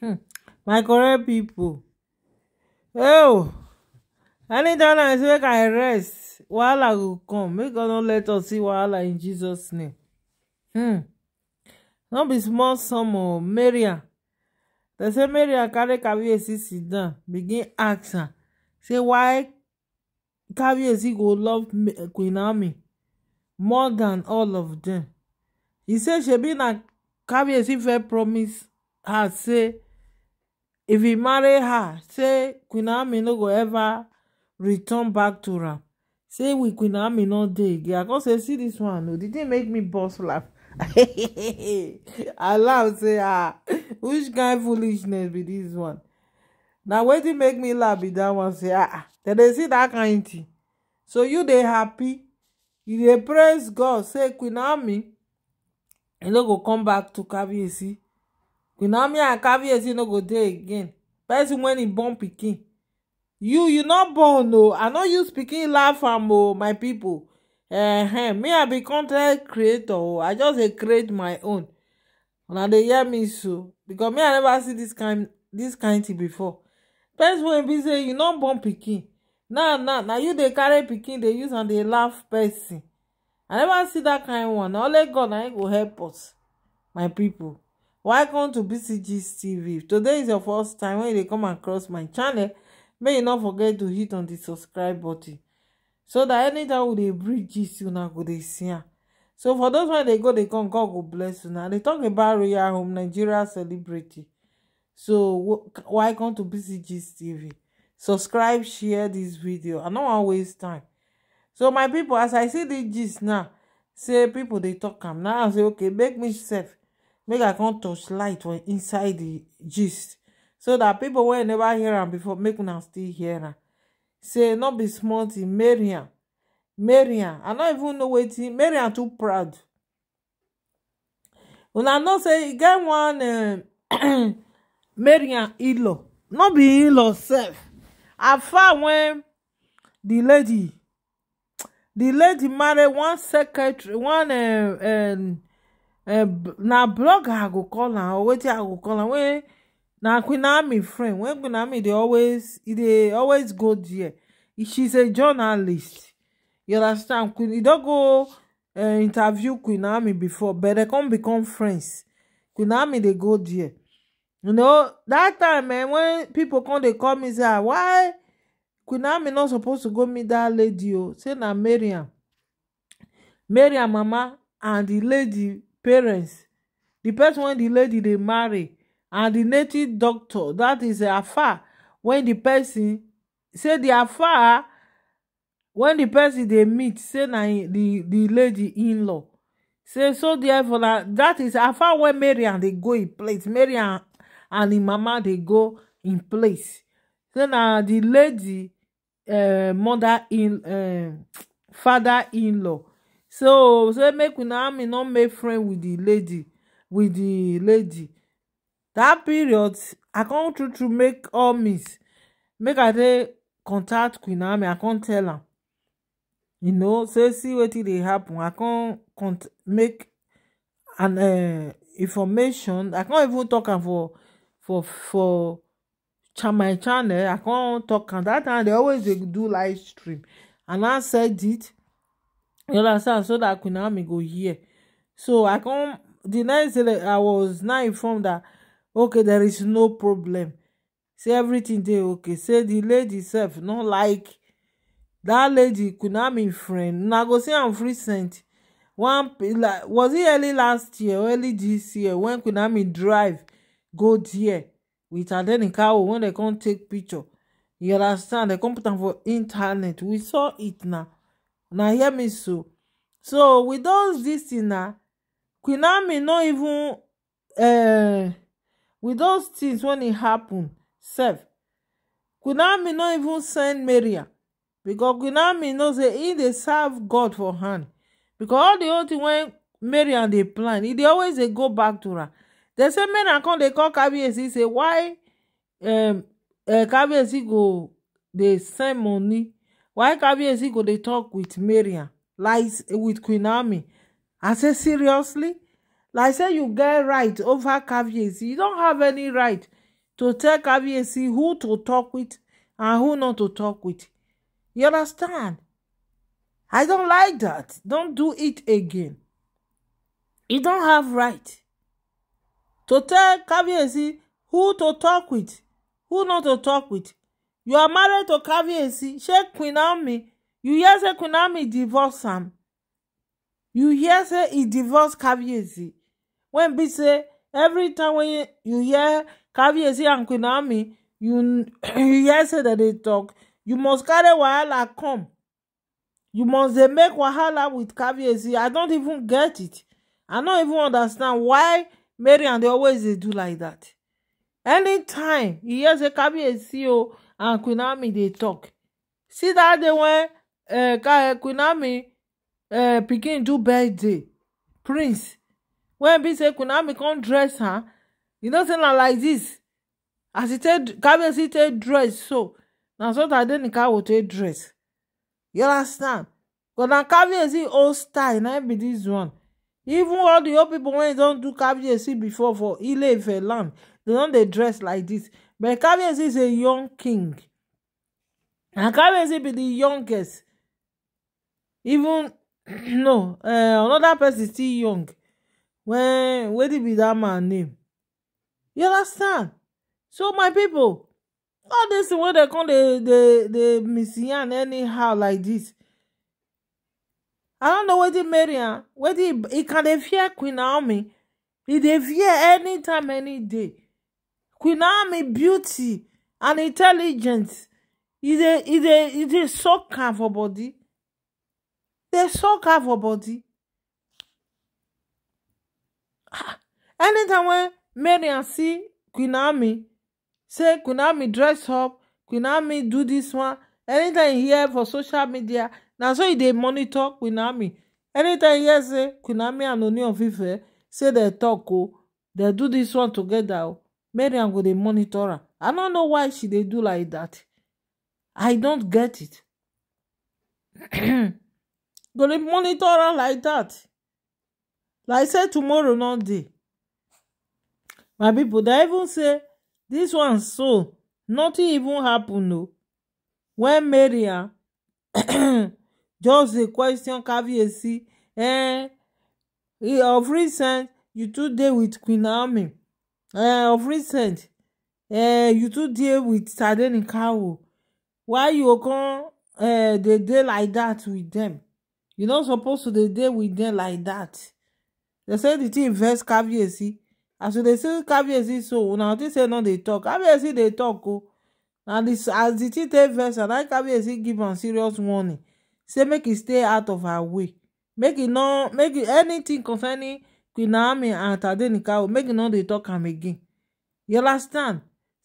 Hmm. my correct people, oh anytime i say i rest wahala go come make god no let us see wahala in jesus name hmm Don't be small some o maria ah. They say maria ah, carry caviarcy sit down begin ask her say why caviarcy go love queen Ami more than all of them. He said she be na caviarcy fair promise her say if e marry her say queen naomi no go ever return back to am say we queen naomi no dey again i con say see this one o oh. di thing make me burst laugh i laugh say ah which kind foolishness be this one na wetin make me laugh be that one say ah, ah dem dey see that kind thing so you dey happy you dey praise god say queen naomi e no go come back to kabiyesi queen naomi and kabiyesi no go there again person when he born pikin you you not born no. i know you speaking laugh am o oh, my people. uh-huh. me i be content creator o oh. i just dey create my own Now they hear me so because me i never see this kind this kind thing before person when be say you not born pikin now now na you they carry pikin they use and they laugh person i never see that kind one only god I go help us my people welcome to bcgs tv if today is your first time when you dey come across my channel make you no forget to hit on the subscribe button so that anytime we dey bring gist una go dey see am so for those wey dey go dey come god go bless una i dey talk about royal home nigeria celebrity so welcome to bcgs tv subscribe share this video i no wan waste time so my people, as i see this gist now say people dey talk am now i say okay make me sef make i come touch light for inside the gist so that people wey never hear him before make una still hear am say not be small tin marian marian i don't even know wetin marian too proud una know say e get one um, marian ilo not be ilo I found when the lady the lady married one secretary one um, um Eh, na blogger i go call am or wetin i go call am wey na queen army friend wey queen army dey always e dey always go there she's a journalist you understand queen e don go eh, interview queen army before but dem come become friends queen army dey go there you know dat time eh, when pipo come dey call me say ah, why queen army no suppose to go meet dat lady o oh? say na mariam mariam mama and di lady parents the person when the lady they marry and the native doctor that is afar when the person say the afar when the person they meet say na the the lady in-law say so therefore na that is afar when and they go in place Mary and and the mama they go in place say na the lady uh, mother in uh, eh, father in-law so say make una army no make friend with the lady with the lady That period i come true true make all miss make i dey contact queen army i come tell am you know say see wetin dey happen i come make an uh, information i come even talk am for for for my channel i come talk am that time They always dey do live stream and i said it you understand so dat queen naomi go hear so i come the next day i was now informed that okay there is no problem say everything dey okay say the lady sef no like that lady queen naomi friend na go see am free sent one was it early last year or early this year wen queen naomi drive go there with car when they come take picture you understand dem come put am for internet we saw it na na hear me so so with those dis thing na queen army no even uh, with those things when e happen sef queen army no even send maria because queen army know say e dey serve god for hand because all the whole thing wey marian dey plan e dey always dey go back to her dem say marian come dey call kabiyesi say why um, uh, eh, kabiyesi go dey send money why kabiyesi go dey talk with Maria, lies with queen naomi i say seriously like say you get right over kabiyesi you don't have any right to tell kabiyesi who to talk with and who not to talk with you understand i don't like that Don't do it again you don't have right to tell kabiyesi who to talk with who not to talk with you are married to Kabiyesi shey Queen Naomi you hear say Queen Naomi divorce am you hear say he divorce Kabiyesi when be say every time when you hear Kabiyesi and Queen Naomi you you hear say dem dey talk you must carry wahala come you must dey make wahala with Kabiyesi I don't even get it I no even understand why Mary and dey always dey do like that anytime you hear say Kabiyesi o. Oh, and queen naomi dey tok see dat day wen queen eh, eh, naomi pikin eh, do birthday prince When be say queen naomi come dress her you know say na like this. as e take kabiyesi take dress so Now so that tadenika go take dress you understand but now na kabiyesi old style Now be this one even all the old pipo wey don do caviarcy before for ile-ife land dem don dey dress like this. but caviarcy is a young king and caviarcy be the youngest even no eh, another person still young when where did be that man name you understand so my people, all this dis they wey dem come dey miss anyhow like this i don't know wetin marry am wetin he can dey fear queen naomi he dey fear time any day queen naomi beauty and intelligence e dey suck am for body dey suck am for body ah, anytime when marian see queen naomi say queen naomi dress up queen naomi do this one anytime e hear for social media na so e dey monitor queen army anytime e hear say queen army and oni of ife say dem talk. o oh, dem do dis one together. o oh, mariam go dey monitor am i no know why she dey do like dat i don't get it go dey monitor am like dat like say tomorrow no dey my pipo dem even say dis one so nothing even happen o oh. when mariam just a question Kabiyesi eh, of recent you too dey with Queen Naomi eh, of recent eh, you too dey with Sardini Kawo why you come eh, dey dey like that with them you no suppose to dey dey with them like that they say the thing vex Kabiyesi as you dey see Kabiyesi so una think say no dey talk Kabiyesi dey talk o oh. na as the thing take vex am na Kabiyesi give am serious warning say make e stay out of her way make e no make e, anything concerning queen naomi and tadenikawo make e no dey talk am again you understand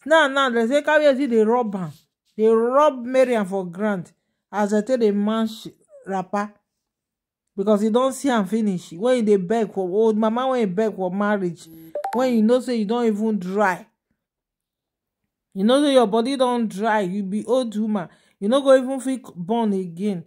now now dem say kabiyesi dey rub am dey rub mariam for ground as dem take dey mash wrapper because he don see am finish when he dey beg for old mama when he beg for marriage When you know say you don even dry you know say your body don dry you be old woman you no go even fit born again